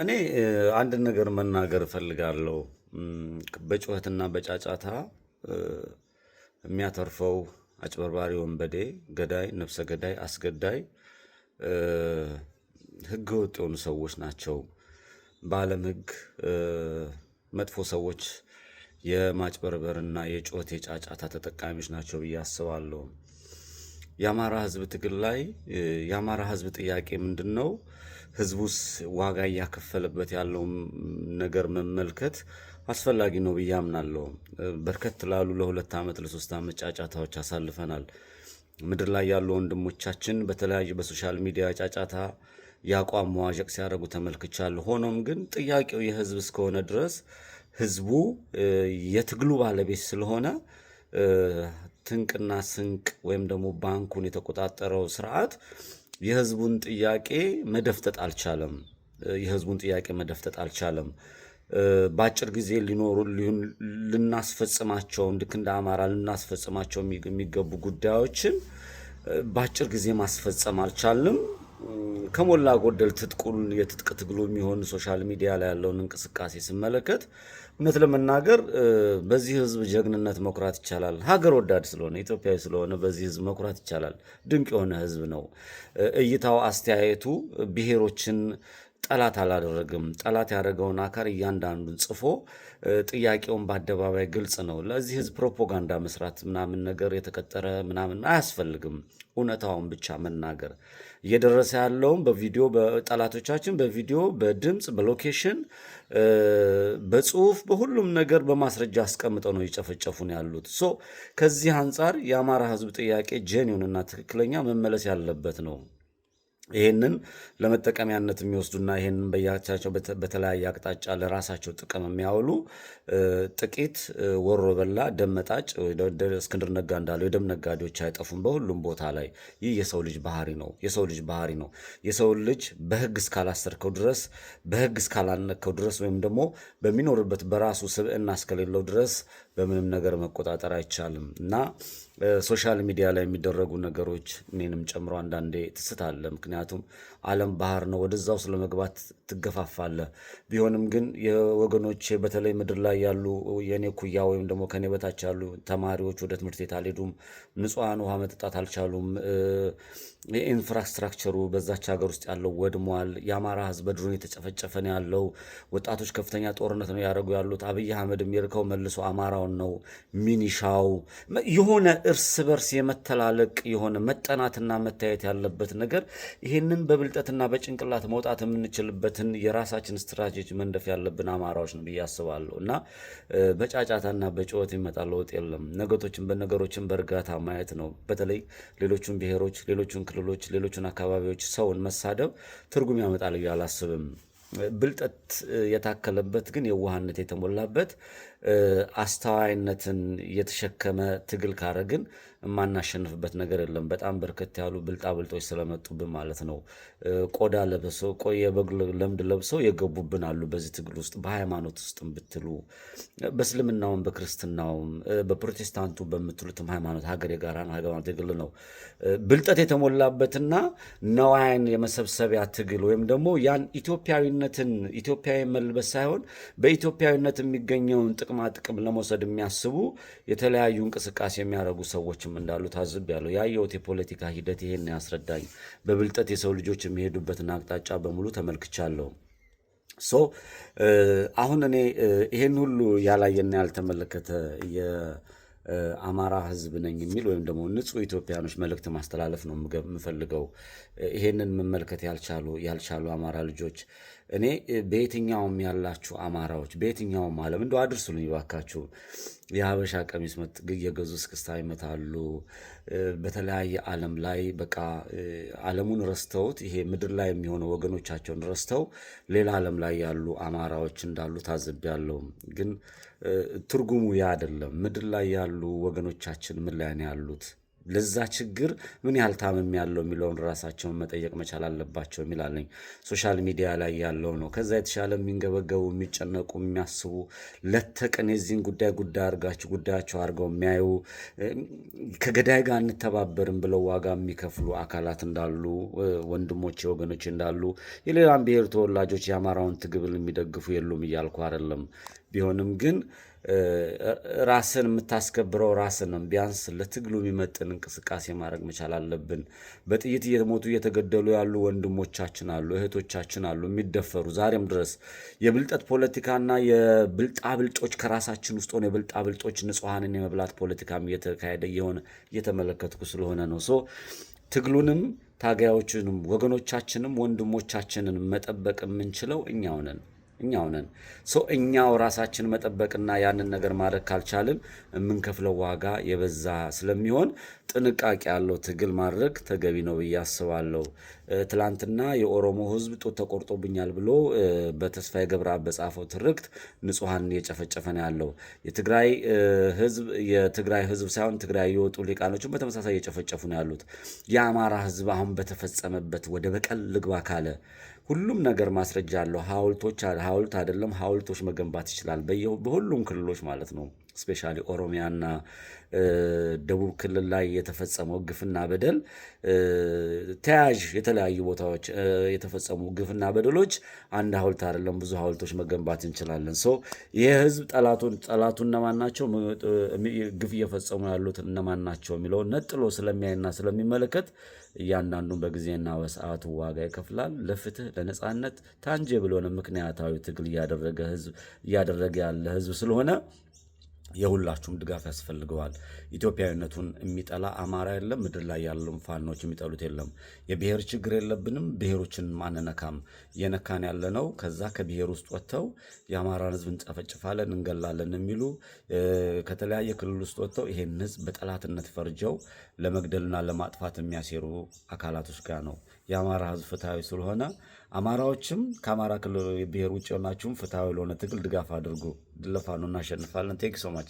እኔ አንድ ነገር መናገር እፈልጋለሁ። በጩኸትና በጫጫታ የሚያተርፈው አጭበርባሪ፣ ወንበዴ፣ ገዳይ፣ ነፍሰ ገዳይ፣ አስገዳይ፣ ሕገ ወጥ የሆኑ ሰዎች ናቸው። በዓለም ህግ መጥፎ ሰዎች የማጭበርበርና የጩኸት የጫጫታ ተጠቃሚዎች ናቸው ብዬ አስባለሁ። የአማራ ህዝብ ትግል ላይ የአማራ ህዝብ ጥያቄ ምንድን ነው? ህዝቡስ ዋጋ እያከፈለበት ያለው ነገር መመልከት አስፈላጊ ነው ብዬ አምናለሁ። በርከት ላሉ ለሁለት ዓመት ለሶስት ዓመት ጫጫታዎች አሳልፈናል። ምድር ላይ ያሉ ወንድሞቻችን በተለያዩ በሶሻል ሚዲያ ጫጫታ የአቋም መዋዠቅ ሲያደርጉ ተመልክቻለሁ። ሆኖም ግን ጥያቄው የህዝብ እስከሆነ ድረስ ህዝቡ የትግሉ ባለቤት ስለሆነ ትንቅና ስንቅ ወይም ደግሞ ባንኩን የተቆጣጠረው ስርዓት የህዝቡን ጥያቄ መደፍጠጥ አልቻለም። የህዝቡን ጥያቄ መደፍጠጥ አልቻለም። በአጭር ጊዜ ሊኖሩ ልናስፈጽማቸውን ልክ እንደ አማራ ልናስፈጽማቸው የሚገቡ ጉዳዮችን በአጭር ጊዜ ማስፈጸም አልቻልም። ከሞላ ጎደል ትጥቁን የትጥቅ ትግሉ የሚሆን ሶሻል ሚዲያ ላይ ያለውን እንቅስቃሴ ስመለከት እውነት ለመናገር በዚህ ህዝብ ጀግንነት መኩራት ይቻላል። ሀገር ወዳድ ስለሆነ ኢትዮጵያዊ ስለሆነ በዚህ ህዝብ መኩራት ይቻላል። ድንቅ የሆነ ህዝብ ነው። እይታው፣ አስተያየቱ ብሔሮችን ጠላት አላደረግም። ጠላት ያደረገውን አካል እያንዳንዱን ጽፎ ጥያቄውን በአደባባይ ግልጽ ነው። ለዚህ ህዝብ ፕሮፓጋንዳ መስራት ምናምን ነገር የተቀጠረ ምናምን አያስፈልግም። እውነታውን ብቻ መናገር እየደረሰ ያለውም በቪዲዮ በጠላቶቻችን በቪዲዮ በድምፅ በሎኬሽን በጽሁፍ በሁሉም ነገር በማስረጃ አስቀምጠው ነው እየጨፈጨፉን ያሉት። ሶ ከዚህ አንጻር የአማራ ህዝብ ጥያቄ እና ትክክለኛ መመለስ ያለበት ነው። ይህንን ለመጠቀሚያነት የሚወስዱና ይህንን በያቻቸው በተለያየ አቅጣጫ ለራሳቸው ጥቅም የሚያውሉ ጥቂት ወሮ በላ ደመጣጭ እስክንድር ነጋ እንዳለው የደም ነጋዴዎች አይጠፉም በሁሉም ቦታ ላይ። ይህ የሰው ልጅ ባህሪ ነው። የሰው ልጅ ባህሪ ነው። የሰው ልጅ በህግ እስካላሰርከው ድረስ፣ በህግ እስካላነከው ድረስ ወይም ደግሞ በሚኖርበት በራሱ ስብዕና እስከሌለው ድረስ በምንም ነገር መቆጣጠር አይቻልም እና ሶሻል ሚዲያ ላይ የሚደረጉ ነገሮች እኔንም ጨምሮ አንዳንዴ አለ ምክንያቱም ዓለም ባህር ነው፣ ወደዛው ስለመግባት ትገፋፋለ። ቢሆንም ግን የወገኖች በተለይ ምድር ላይ ያሉ የእኔ ኩያ ወይም ደግሞ ከኔ በታች ያሉ ተማሪዎች ወደ ትምህርት ቤት አልሄዱም፣ ንጹሐን ውሃ መጠጣት አልቻሉም፣ የኢንፍራስትራክቸሩ በዛች ሀገር ውስጥ ያለው ወድሟል፣ የአማራ ህዝብ በድሮን የተጨፈጨፈ ነው ያለው፣ ወጣቶች ከፍተኛ ጦርነት ነው ያደረጉ ያሉት። አብይ አህመድ የሚልከው መልሶ አማራውን ነው ሚኒሻው የሆነ እርስ በርስ የመተላለቅ የሆነ መጠናትና መታየት ያለበት ነገር ይህንን በብልጠትና በጭንቅላት መውጣት የምንችልበትን የራሳችን ስትራቴጂ መንደፍ ያለብን አማራዎች ነው ብዬ አስባለሁ እና በጫጫታና በጩኸት ይመጣ ለውጥ የለም። ነገቶችን በነገሮችን በእርጋታ ማየት ነው። በተለይ ሌሎቹን ብሔሮች፣ ሌሎቹን ክልሎች፣ ሌሎቹን አካባቢዎች ሰውን መሳደብ ትርጉም ያመጣል ብዬ አላስብም። ብልጠት የታከለበት ግን የዋህነት የተሞላበት አስተዋይነትን የተሸከመ ትግል ካረግን የማናሸንፍበት ነገር የለም። በጣም በርከት ያሉ ብልጣብልጦች ስለመጡብን ማለት ነው። ቆዳ ለብሰው ቆየ የበግ ለምድ ለብሰው የገቡብን አሉ። በዚህ ትግል ውስጥ በሃይማኖት ውስጥም ብትሉ በእስልምናውም፣ በክርስትናውም፣ በፕሮቴስታንቱ በምትሉትም ሃይማኖት ሀገር የጋራ ሃይማኖት ትግል ነው። ብልጠት የተሞላበትና ነዋያን የመሰብሰቢያ ትግል ወይም ደግሞ ያን ኢትዮጵያዊነትን ኢትዮጵያዊ መልበስ ሳይሆን በኢትዮጵያዊነት የሚገኘውን ጥቅም ጥቅማ ጥቅም ለመውሰድ የሚያስቡ የተለያዩ እንቅስቃሴ የሚያደርጉ ሰዎችም እንዳሉ ያለው ያየሁት የፖለቲካ ሂደት ይሄን ያስረዳኝ። በብልጠት የሰው ልጆች የሚሄዱበትን አቅጣጫ በሙሉ ተመልክቻለሁ። ሶ አሁን እኔ ይሄን ሁሉ ያላየና ያልተመለከተ የአማራ ሕዝብ ነኝ የሚል ወይም ደግሞ ንጹህ ኢትዮጵያኖች መልእክት ማስተላለፍ ነው የምፈልገው። ይሄንን መመልከት ያልቻሉ ያልቻሉ አማራ ልጆች እኔ በየትኛውም ያላችሁ አማራዎች በየትኛውም ዓለም እንደው አድርሱልኝ እባካችሁ። የሀበሻ ቀሚስ የገዙ እስክስታ ይመታሉ። በተለያየ ዓለም ላይ በቃ ዓለሙን ረስተውት ይሄ ምድር ላይ የሚሆነው ወገኖቻቸውን ረስተው ሌላ ዓለም ላይ ያሉ አማራዎች እንዳሉ ታዝቤያለሁ። ግን ትርጉሙ ያ አይደለም። ምድር ላይ ያሉ ወገኖቻችን ምን ላይ ነው ያሉት? ለዛ ችግር ምን ያህል ታምም ያለው የሚለውን ራሳቸውን መጠየቅ መቻል አለባቸው የሚላለኝ ሶሻል ሚዲያ ላይ ያለው ነው። ከዛ የተሻለ የሚንገበገቡ የሚጨነቁ፣ የሚያስቡ ለተቀን የዚህን ጉዳይ ጉዳይ አርጋቸው ጉዳያቸው አድርገው የሚያዩ ከገዳይ ጋር እንተባበርም ብለው ዋጋ የሚከፍሉ አካላት እንዳሉ ወንድሞቼ፣ ወገኖች እንዳሉ የሌላም ብሔር ተወላጆች የአማራውን ትግብል የሚደግፉ የሉም እያልኩ አይደለም። ቢሆንም ግን ራስን የምታስከብረው ራስን ነው። ቢያንስ ለትግሉ የሚመጥን እንቅስቃሴ ማድረግ መቻል አለብን። በጥይት እየሞቱ እየተገደሉ ያሉ ወንድሞቻችን አሉ፣ እህቶቻችን አሉ፣ የሚደፈሩ ዛሬም ድረስ የብልጠት ፖለቲካና የብልጣብልጦች ከራሳችን ውስጥ ሆነ ብልጦች ንጹሐንን የመብላት ፖለቲካም እየተካሄደ እየሆነ እየተመለከትኩ ስለሆነ ነው ሶ ትግሉንም ታጋዮችንም ወገኖቻችንም ወንድሞቻችንን መጠበቅ የምንችለው እኛው ነን። እኛው ነን። ሰው እኛው ራሳችን መጠበቅና ያንን ነገር ማድረግ ካልቻልን የምንከፍለው ዋጋ የበዛ ስለሚሆን ጥንቃቄ ያለው ትግል ማድረግ ተገቢ ነው ብዬ አስባለሁ። ትላንትና የኦሮሞ ሕዝብ ጡት ተቆርጦብኛል ብሎ በተስፋዬ ገብረአብ በጻፈው ትርክት ንጹሐን እየጨፈጨፈ ነው ያለው። የትግራይ ሕዝብ የትግራይ ሕዝብ ሳይሆን ትግራይ የወጡ ሊቃኖችን በተመሳሳይ እየጨፈጨፉ ነው ያሉት። የአማራ ሕዝብ አሁን በተፈጸመበት ወደ በቀል ልግባ ካለ ሁሉም ነገር ማስረጃ አለው። ሐውልቶች ሐውልት አይደለም ሐውልቶች መገንባት ይችላል በሁሉም ክልሎች ማለት ነው። እስፔሻሊ ኦሮሚያና ደቡብ ክልል ላይ የተፈጸመው ግፍና በደል ተያያዥ የተለያዩ ቦታዎች የተፈጸሙ ግፍና በደሎች አንድ ሐውልት አይደለም ብዙ ሐውልቶች መገንባት እንችላለን። ሰው ይህ ህዝብ ጠላቱ እነማን ናቸው፣ ግፍ እየፈጸሙ ያሉት እነማን ናቸው የሚለውን ነጥሎ ስለሚያይና ስለሚመለከት እያንዳንዱን በጊዜና በሰዓቱ ዋጋ ይከፍላል። ለፍትህ፣ ለነፃነት ታንጀ የሆነ ምክንያታዊ ትግል እያደረገ ያለ ህዝብ ስለሆነ የሁላችሁም ድጋፍ ያስፈልገዋል። ኢትዮጵያዊነቱን የሚጠላ አማራ የለም። ምድር ላይ ያለውን ፋኖች የሚጠሉት የለም። የብሔር ችግር የለብንም። ብሔሮችን አንነካም። እየነካን ያለነው ከዛ ከብሔር ውስጥ ወጥተው የአማራን ህዝብ እንጨፈጭፋለን፣ እንገላለን የሚሉ ከተለያየ ክልል ውስጥ ወጥተው ይሄን ህዝብ በጠላትነት ፈርጀው ለመግደልና ለማጥፋት የሚያሴሩ አካላቶች ጋር ነው። የአማራ ህዝብ ፍትሐዊ ስለሆነ አማራዎችም ከአማራ ክልል ብሔር ውጭ የሆናችሁም ፍትሐዊ ለሆነ ትግል ድጋፍ አድርጉ። ለፋኖ እናሸንፋለን። ቴንክ ሶ ማች